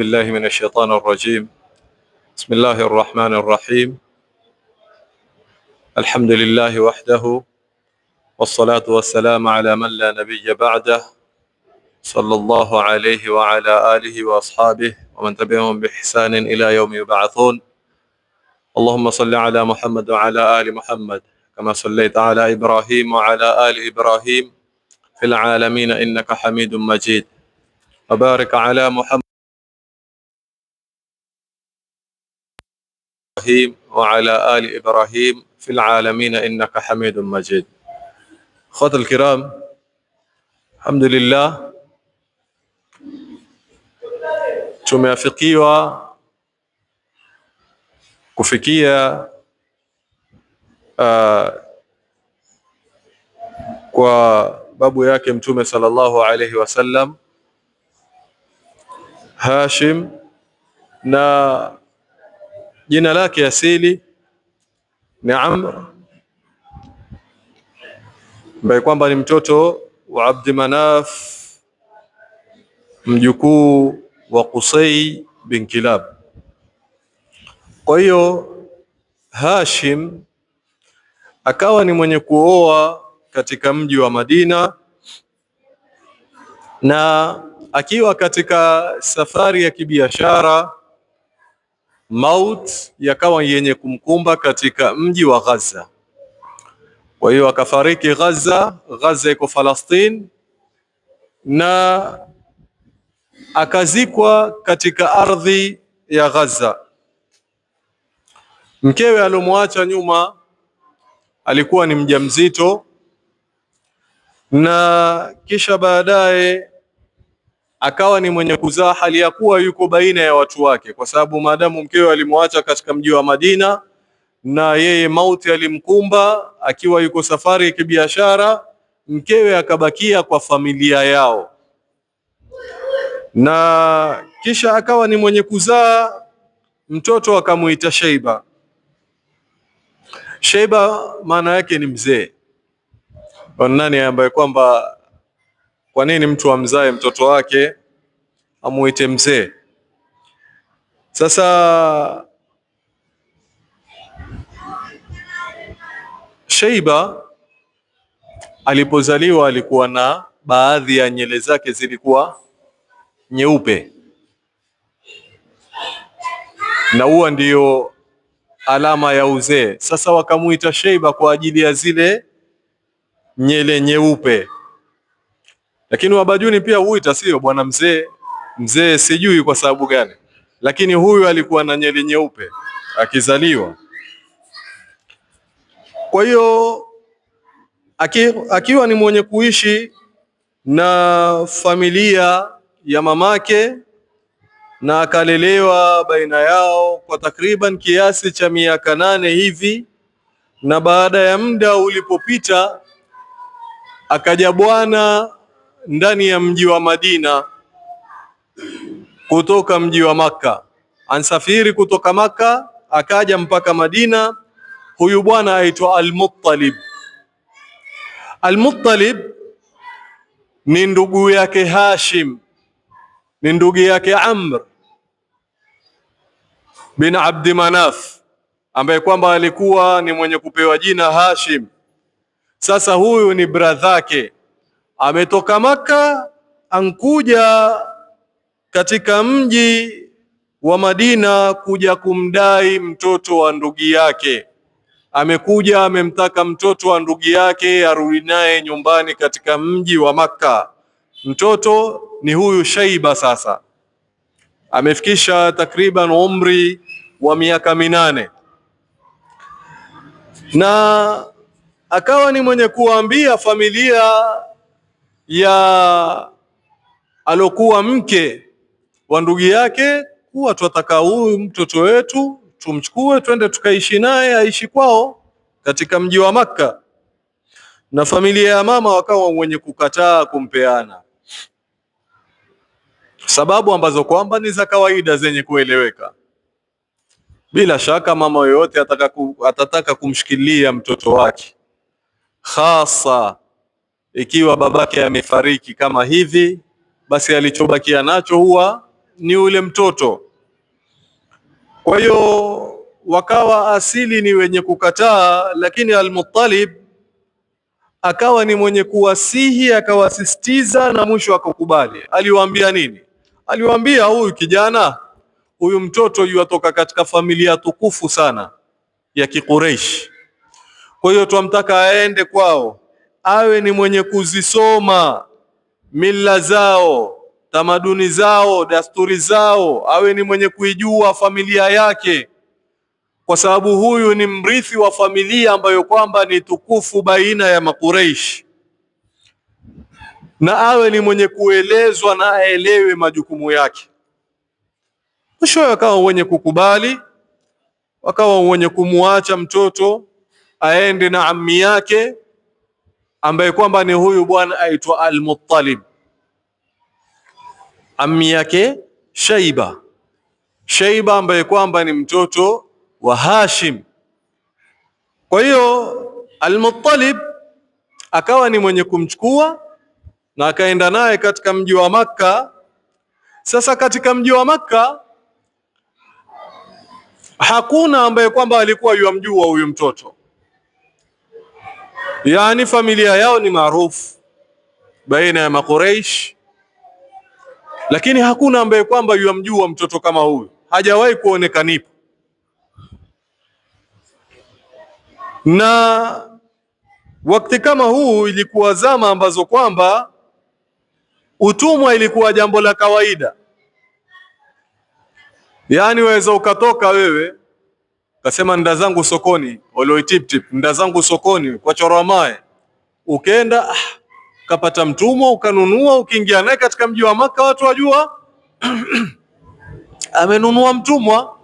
بالله من الشيطان الرجيم بسم الله الرحمن الرحيم الحمد لله وحده والصلاة والسلام على من لا نبي بعده صلى الله عليه وعلى آله وأصحابه ومن تبعهم بإحسان إلى يوم يبعثون اللهم صل على محمد وعلى آل محمد كما صليت على إبراهيم وعلى آل إبراهيم في العالمين إنك حميد مجيد وبارك على محمد إبراهيم وعلى آل إبراهيم في العالمين إنك حميد مجيد أخوات الكرام الحمد لله تمافقيوا كفكية آه كو بابو ياكم تومي صلى الله عليه وسلم هاشم na jina lake asili ni Amr ambaye kwamba ni mtoto wa Abdi Manaf mjukuu wa Qusay bin Kilab. Kwa hiyo Hashim akawa ni mwenye kuoa katika mji wa Madina, na akiwa katika safari ya kibiashara mauti yakawa yenye kumkumba katika mji wa Gaza. Kwa hiyo akafariki Gaza. Gaza iko Falastini, na akazikwa katika ardhi ya Gaza. Mkewe alomwacha nyuma alikuwa ni mjamzito, na kisha baadaye akawa ni mwenye kuzaa hali ya kuwa yuko baina ya watu wake, kwa sababu maadamu mkewe alimwacha katika mji wa Madina na yeye mauti alimkumba akiwa yuko safari ya kibiashara, mkewe akabakia kwa familia yao, na kisha akawa ni mwenye kuzaa mtoto akamuita Sheiba. Sheiba maana yake ni mzee, nani ambaye kwamba kwa nini mtu amzae mtoto wake amuite mzee? Sasa Sheiba alipozaliwa alikuwa na baadhi ya nyele zake zilikuwa nyeupe, na huwa ndiyo alama ya uzee. Sasa wakamuita Sheiba kwa ajili ya zile nyele nyeupe. Lakini Wabajuni pia huita sio bwana mzee, mzee sijui kwa sababu gani, lakini huyu alikuwa na nyeli nyeupe akizaliwa. Kwa hiyo aki, akiwa ni mwenye kuishi na familia ya mamake na akalelewa baina yao kwa takriban kiasi cha miaka nane hivi, na baada ya muda ulipopita akaja bwana ndani ya mji wa Madina kutoka mji wa Makka, ansafiri kutoka Makka akaja mpaka Madina. Huyu bwana aitwa Al-Muttalib. Al-Muttalib ni ndugu yake Hashim, ni ndugu yake Amr bin Abdi Manaf ambaye kwamba alikuwa ni mwenye kupewa jina Hashim. Sasa huyu ni bradhake ametoka Maka ankuja katika mji wa Madina kuja kumdai mtoto wa ndugu yake. Amekuja amemtaka mtoto wa ndugu yake arudi naye nyumbani katika mji wa Makka. Mtoto ni huyu Shaiba. Sasa amefikisha takriban umri wa miaka minane na akawa ni mwenye kuambia familia ya alokuwa mke wa ndugu yake kuwa twataka huyu mtoto wetu tumchukue twende tukaishi naye aishi kwao katika mji wa Makka, na familia ya mama wakawa wenye kukataa kumpeana, sababu ambazo kwamba ni za kawaida zenye kueleweka. Bila shaka mama yoyote atataka kumshikilia mtoto wake hasa ikiwa babake amefariki kama hivi, basi alichobakia nacho huwa ni ule mtoto. Kwa hiyo wakawa asili ni wenye kukataa, lakini Al-Muttalib akawa ni mwenye kuwasihi, akawasisitiza na mwisho akakubali. Aliwaambia nini? Aliwaambia huyu kijana, huyu mtoto yuatoka katika familia tukufu sana ya Kikureishi, kwa hiyo twamtaka aende kwao awe ni mwenye kuzisoma mila zao, tamaduni zao, dasturi zao, awe ni mwenye kuijua familia yake, kwa sababu huyu ni mrithi wa familia ambayo kwamba ni tukufu baina ya makureishi na awe ni mwenye kuelezwa na aelewe majukumu yake. Mwisho wakawa wenye kukubali, wakawa wenye kumwacha mtoto aende na ammi yake ambaye kwamba ni huyu bwana aitwa Al-Muttalib, ammi yake Shaiba, Shaiba ambaye kwamba ni mtoto wa Hashim. Kwa hiyo Al-Muttalib akawa ni mwenye kumchukua na akaenda naye katika mji wa Makka. Sasa katika mji wa Makka hakuna ambaye kwamba alikuwa yamjua huyu mtoto yani familia yao ni maarufu baina ya Makoreish, lakini hakuna ambaye kwamba yamjua mtoto kama huyu, hajawahi kuonekanipo na wakati kama huu ilikuwa zama ambazo kwamba utumwa ilikuwa jambo la kawaida, yaani waweza ukatoka wewe kasema nda zangu sokoni, oloitiptip nda zangu sokoni kwa mae Ukenda ukapata ah, mtumwa ukanunua, ukiingia naye katika mji wa Maka watu wajua amenunua mtumwa.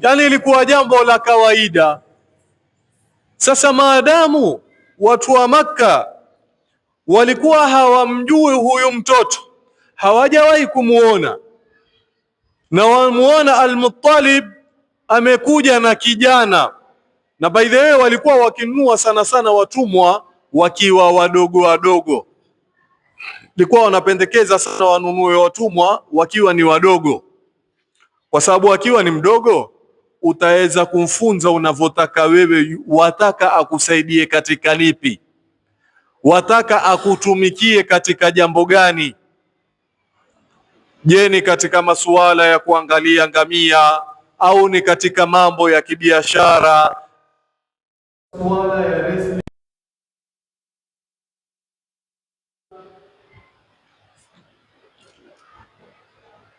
Yani ilikuwa jambo la kawaida. Sasa maadamu watu wa Makka walikuwa hawamjui huyu mtoto, hawajawahi kumuona na wamuona almutalib amekuja na kijana, na by the way walikuwa wakinunua sana sana watumwa wakiwa wadogo wadogo, likuwa wanapendekeza sana wanunue watumwa wakiwa ni wadogo, kwa sababu akiwa ni mdogo utaweza kumfunza unavyotaka wewe. Wataka akusaidie katika lipi? Wataka akutumikie katika jambo gani? Je, ni katika masuala ya kuangalia ngamia au ni katika mambo ya kibiashara suala ya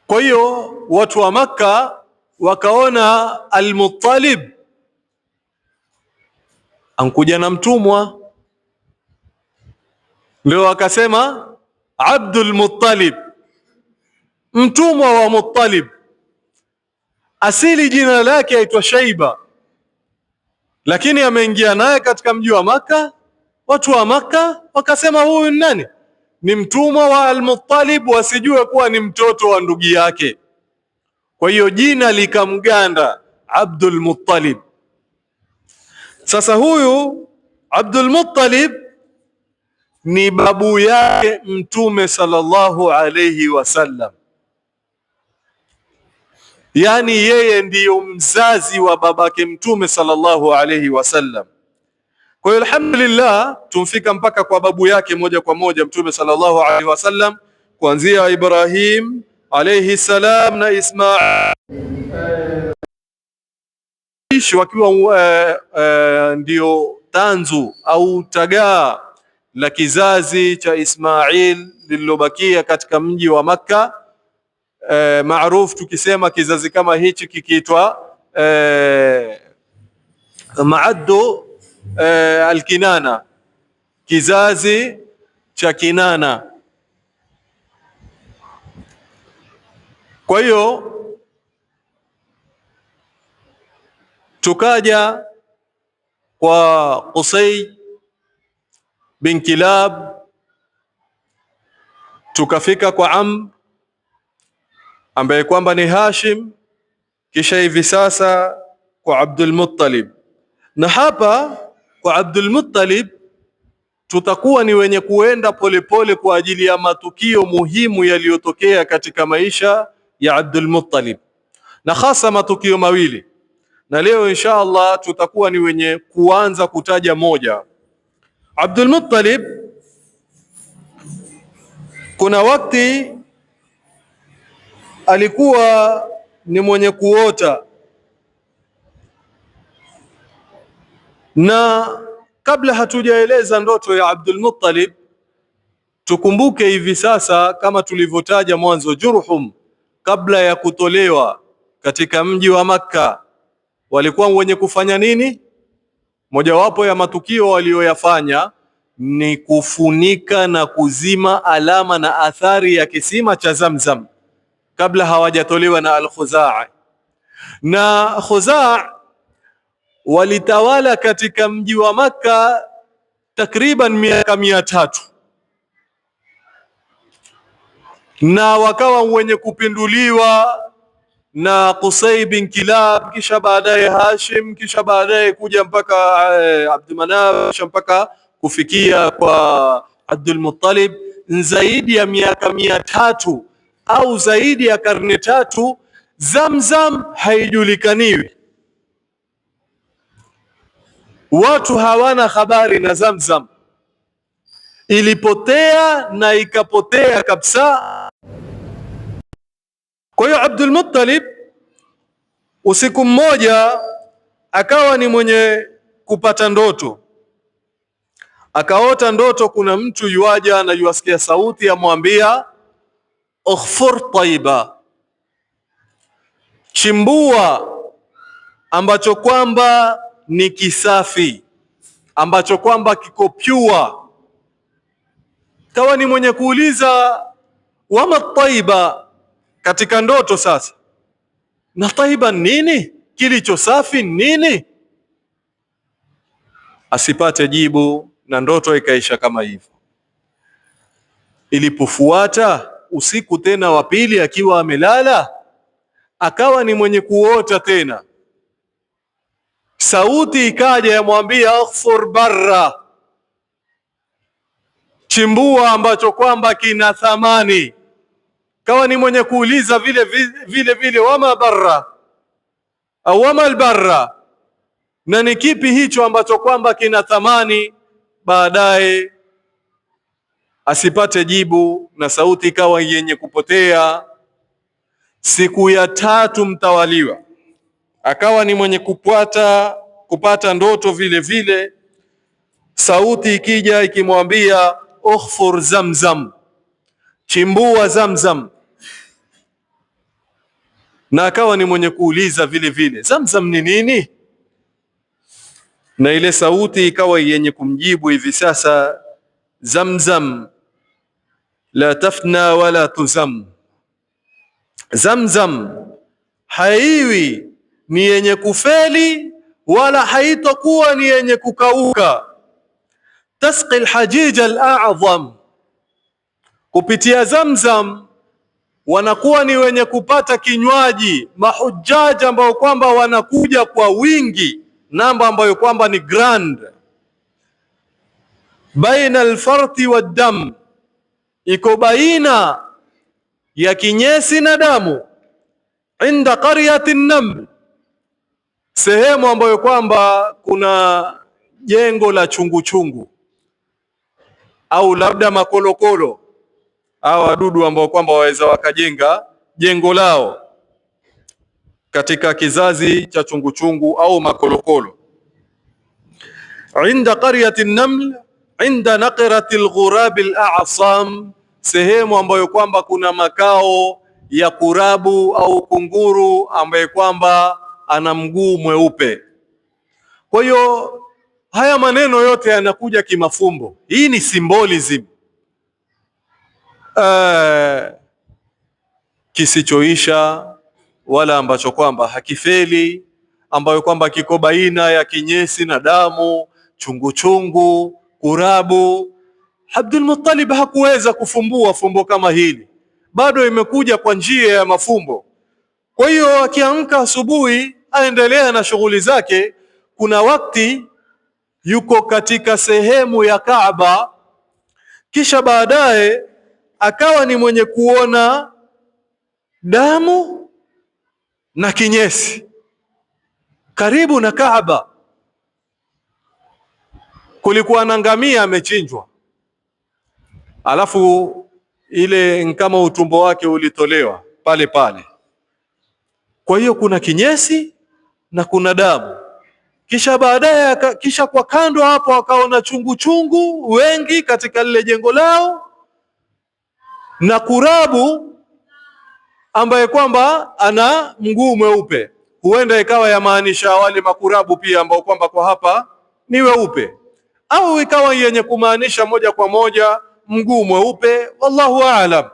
Kwa hiyo watu wa Makka wakaona almutalib ankuja na mtumwa, ndio wakasema Abdul Muttalib, mtumwa wa Muttalib asili jina lake aitwa Shaiba, lakini ameingia naye katika mji wa Maka. Watu wa Maka wakasema huyu ni nani? Ni mtumwa wa Almuttalib, wasijue kuwa ni mtoto wa ndugu yake. Kwa hiyo jina likamganda Abdul Muttalib. Sasa huyu Abdul Muttalib ni babu yake Mtume sallallahu alayhi wasallam yani yeye ndiyo mzazi wa babake Mtume sallallahu alayhi wasallam. Kwa hiyo alhamdulillah, tumfika mpaka kwa babu yake moja kwa moja Mtume sallallahu alayhi wasallam, kuanzia Ibrahim alayhi salam na Ismail wakiwa uh, uh, ndio tanzu au tagaa la kizazi cha Ismail lililobakia katika mji wa Makka e, maarufu tukisema kizazi kama hichi kikiitwa e, maaddu e, alkinana, kizazi cha kinana. Kwa hiyo tukaja kwa Qusay bin Kilab, tukafika kwa Amr ambaye kwamba ni Hashim, kisha hivi sasa kwa Abdul Muttalib. Na hapa kwa Abdul Muttalib tutakuwa ni wenye kuenda polepole kwa ajili ya matukio muhimu yaliyotokea katika maisha ya Abdul Muttalib, na hasa matukio mawili, na leo insha Allah tutakuwa ni wenye kuanza kutaja moja. Abdul Muttalib kuna wakati alikuwa ni mwenye kuota na kabla hatujaeleza ndoto ya Abdul Muttalib, tukumbuke hivi sasa kama tulivyotaja mwanzo, Jurhum kabla ya kutolewa katika mji wa Makka walikuwa wenye kufanya nini? Mojawapo ya matukio waliyoyafanya ni kufunika na kuzima alama na athari ya kisima cha Zamzam kabla hawajatolewa na Al-Khuzaa. Na Khuzaa walitawala katika mji wa Makka takriban miaka mia tatu na wakawa wenye kupinduliwa na Qusay bin Kilab, kisha baadaye Hashim, kisha baadaye kuja mpaka eh, Abdulmanaf, kisha mpaka kufikia kwa Abdul Muttalib, zaidi ya miaka mia tatu au zaidi ya karne tatu, Zamzam haijulikaniwi. Watu hawana habari na Zamzam, ilipotea na ikapotea kabisa. Kwa hiyo Abdul Muttalib usiku mmoja akawa ni mwenye kupata ndoto, akaota ndoto kuna mtu yuaja na yuasikia sauti amwambia ukhfur taiba, chimbua ambacho kwamba ni kisafi, ambacho kwamba kiko Kawa ni mwenye kuuliza wama taiba katika ndoto sasa, na taiba nini? Kilicho safi nini? Asipate jibu na ndoto ikaisha kama hivyo. Ilipofuata usiku tena wa pili akiwa amelala, akawa ni mwenye kuota tena, sauti ikaja yamwambia aghfur barra, chimbua ambacho kwamba kina thamani. Kawa ni mwenye kuuliza vile vile vile, wama barra au wama albarra, na ni kipi hicho ambacho kwamba kina thamani. Baadaye asipate jibu na sauti ikawa yenye kupotea. Siku ya tatu mtawaliwa akawa ni mwenye kupata kupata ndoto vile vile, sauti ikija ikimwambia ukhfur zamzam, chimbua zamzam, na akawa ni mwenye kuuliza vile vile zamzam ni nini, na ile sauti ikawa yenye kumjibu hivi sasa zamzam la tafna wala tuzam. Zamzam haiwi ni yenye kufeli wala haitokuwa ni yenye kukauka. Tasqi alhajij alazam, kupitia Zamzam wanakuwa ni wenye kupata kinywaji mahujaji ambao kwamba wanakuja kwa wingi, namba ambayo kwamba ni grand baina alfarti waddam iko baina ya kinyesi na damu inda qaryati naml, sehemu ambayo kwamba kuna jengo la chungu chungu au labda makolokolo au wadudu ambao kwamba waweza wakajenga jengo lao katika kizazi cha chungu chungu au makolokolo. inda qaryati naml inda naqrati alghurab al'asam sehemu ambayo kwamba kuna makao ya kurabu au kunguru ambaye kwamba ana mguu mweupe. Kwa hiyo haya maneno yote yanakuja kimafumbo. Hii ni symbolism uh, kisichoisha wala ambacho kwamba hakifeli, ambayo kwamba kiko baina ya kinyesi na damu, chunguchungu, kurabu Abdul Muttalib hakuweza kufumbua fumbo kama hili, bado imekuja kwa njia ya mafumbo. Kwa hiyo akiamka asubuhi aendelea na shughuli zake. Kuna wakati yuko katika sehemu ya Kaaba, kisha baadaye akawa ni mwenye kuona damu na kinyesi karibu na Kaaba. Kulikuwa na ngamia amechinjwa alafu ile kama utumbo wake ulitolewa pale pale. Kwa hiyo kuna kinyesi na kuna damu, kisha baadaye, kisha kwa kando hapo akaona chungu chungu wengi katika lile jengo lao na kurabu ambaye kwamba ana mguu mweupe, huenda ikawa yamaanisha wale makurabu pia ambao kwamba kwa hapa ni weupe, au ikawa yenye kumaanisha moja kwa moja mguu mweupe, wallahu aalam.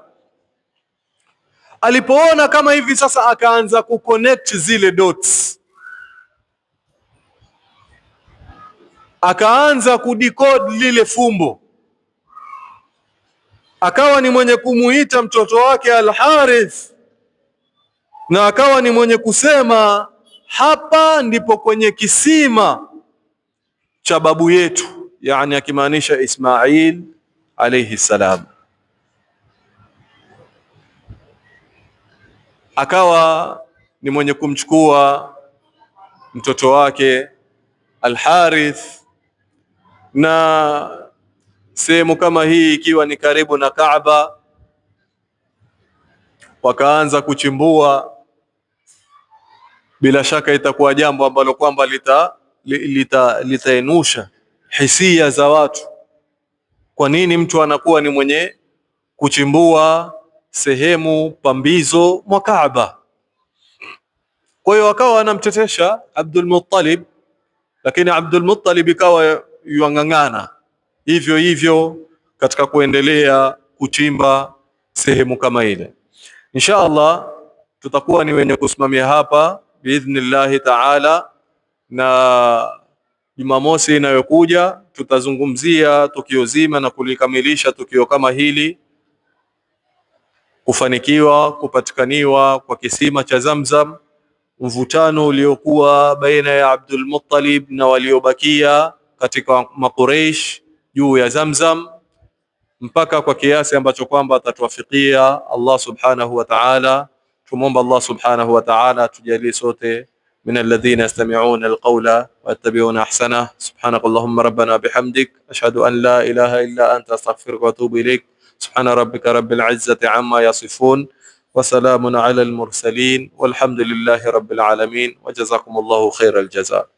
Alipoona kama hivi sasa, akaanza kuconnect zile dots, akaanza kudecode lile fumbo, akawa ni mwenye kumuita mtoto wake Al-Harith na akawa ni mwenye kusema hapa ndipo kwenye kisima cha babu yetu, yani akimaanisha Ismail alayhi salam, akawa ni mwenye kumchukua mtoto wake Alharith, na sehemu kama hii ikiwa ni karibu na Kaaba, wakaanza kuchimbua bila shaka itakuwa jambo ambalo kwamba litaenusha lita, lita hisia za watu kwa nini mtu anakuwa ni mwenye kuchimbua sehemu pambizo mwa Kaaba? Kwa hiyo akawa anamtetesha Abdul Muttalib, lakini Abdul Muttalib ikawa yuang'ang'ana hivyo hivyo katika kuendelea kuchimba sehemu kama ile. Insha Allah tutakuwa ni wenye kusimamia hapa biidhnillahi taala na Jumamosi inayokuja tutazungumzia tukio zima na kulikamilisha tukio kama hili, kufanikiwa kupatikaniwa kwa kisima cha Zamzam, mvutano uliokuwa baina ya Abdul Muttalib na waliobakia katika Makureish juu ya Zamzam mpaka kwa kiasi ambacho kwamba atatuafikia Allah subhanahu wa ta'ala. Tumwomba Allah subhanahu wa ta'ala tujalie sote من الذين يستمعون القول ويتبعون أحسنه سبحانك اللهم ربنا بحمدك أشهد أن لا إله إلا أنت أستغفرك وأتوب إليك سبحان ربك رب العزة عما يصفون وسلام على المرسلين والحمد لله رب العالمين وجزاكم الله خير الجزاء